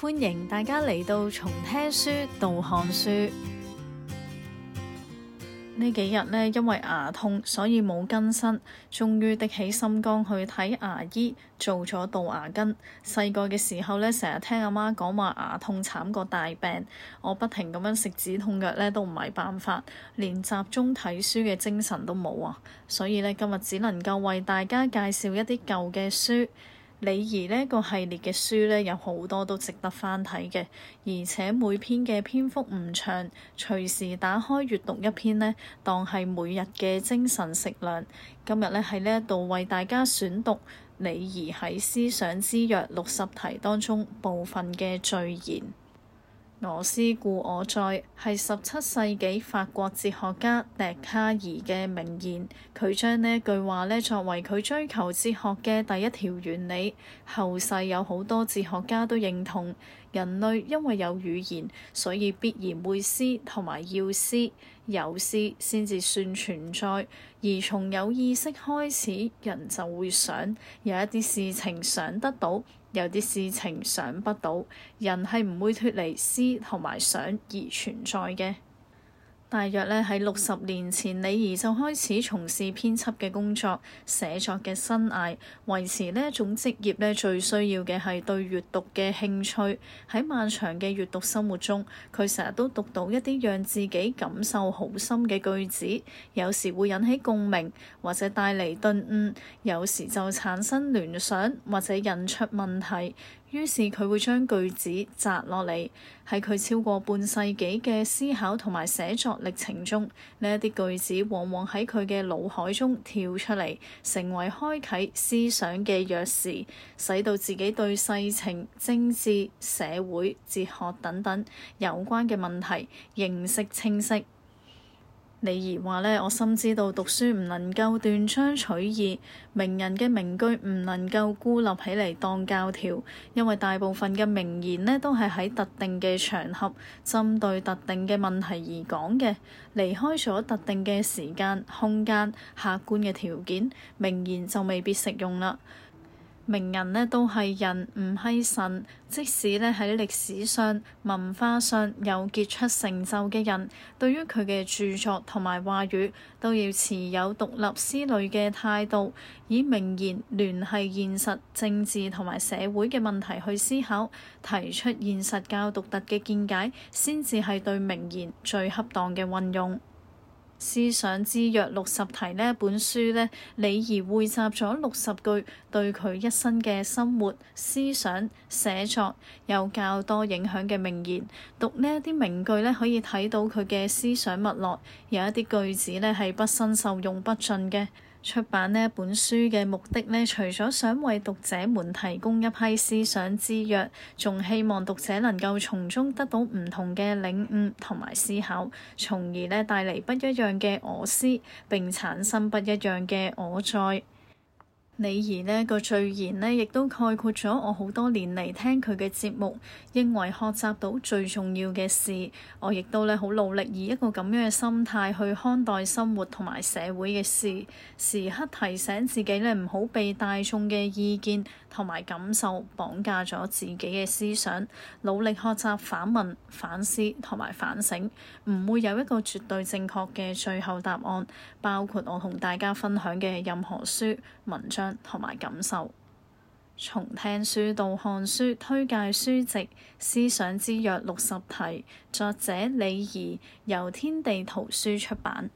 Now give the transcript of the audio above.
歡迎大家嚟到從聽書到看書。呢幾日呢，因為牙痛，所以冇更新。終於的起心肝去睇牙醫，做咗杜牙根。細個嘅時候呢，成日聽阿媽講話牙痛慘過大病，我不停咁樣食止痛藥呢，都唔係辦法，連集中睇書嘅精神都冇啊。所以呢，今日只能夠為大家介紹一啲舊嘅書。李怡呢個系列嘅書呢，有好多都值得翻睇嘅，而且每篇嘅篇幅唔長，隨時打開閱讀一篇呢，當係每日嘅精神食糧。今日呢，喺呢一度為大家選讀李怡喺《思想之約》六十題當中部分嘅序言。我思故我在，係十七世紀法國哲學家笛卡爾嘅名言，佢將呢句話呢，作為佢追求哲學嘅第一條原理，後世有好多哲學家都認同。人類因為有語言，所以必然會思同埋要思、有思先至算存在。而從有意識開始，人就會想，有一啲事情想得到，有啲事情想不到。人係唔會脫離思同埋想而存在嘅。大約咧喺六十年前，李儀就開始從事編輯嘅工作、寫作嘅生涯，維持呢一種職業咧最需要嘅係對閱讀嘅興趣。喺漫長嘅閱讀生活中，佢成日都讀到一啲讓自己感受好深嘅句子，有時會引起共鳴，或者帶嚟頓悟；有時就產生聯想，或者引出問題。於是佢會將句子摘落嚟，喺佢超過半世紀嘅思考同埋寫作歷程中，呢一啲句子往往喺佢嘅腦海中跳出嚟，成為開啟思想嘅鑰匙，使到自己對世情、政治、社會、哲學等等有關嘅問題認識清晰。李儀話咧：我深知道讀書唔能夠斷章取義，名人嘅名句唔能夠孤立起嚟當教條，因為大部分嘅名言呢都係喺特定嘅場合，針對特定嘅問題而講嘅，離開咗特定嘅時間、空間、客觀嘅條件，名言就未必適用啦。名人呢都係人，唔係神。即使呢喺歷史上、文化上有傑出成就嘅人，對於佢嘅著作同埋話語都要持有獨立思慮嘅態度，以名言聯繫現實政治同埋社會嘅問題去思考，提出現實較獨特嘅見解，先至係對名言最恰當嘅運用。思想之約六十題呢本書呢，李怡匯集咗六十句對佢一生嘅生活、思想、寫作有較多影響嘅名言。讀呢一啲名句呢，可以睇到佢嘅思想脈絡，有一啲句子呢，係不生受用不盡嘅。出版呢本書嘅目的呢，除咗想為讀者們提供一批思想滋養，仲希望讀者能夠從中得到唔同嘅領悟同埋思考，從而咧帶嚟不一樣嘅我思，並產生不一樣嘅我在。李儀呢個序言咧，亦都概括咗我好多年嚟聽佢嘅節目，認為學習到最重要嘅事。我亦都咧好努力以一個咁樣嘅心態去看待生活同埋社會嘅事，時刻提醒自己咧唔好被大眾嘅意見同埋感受綁架咗自己嘅思想，努力學習反問反思同埋反省，唔會有一個絕對正確嘅最後答案。包括我同大家分享嘅任何書文章。同埋感受，從聽書到看書，推介書籍《思想之約》六十題，作者李怡，由天地圖書出版。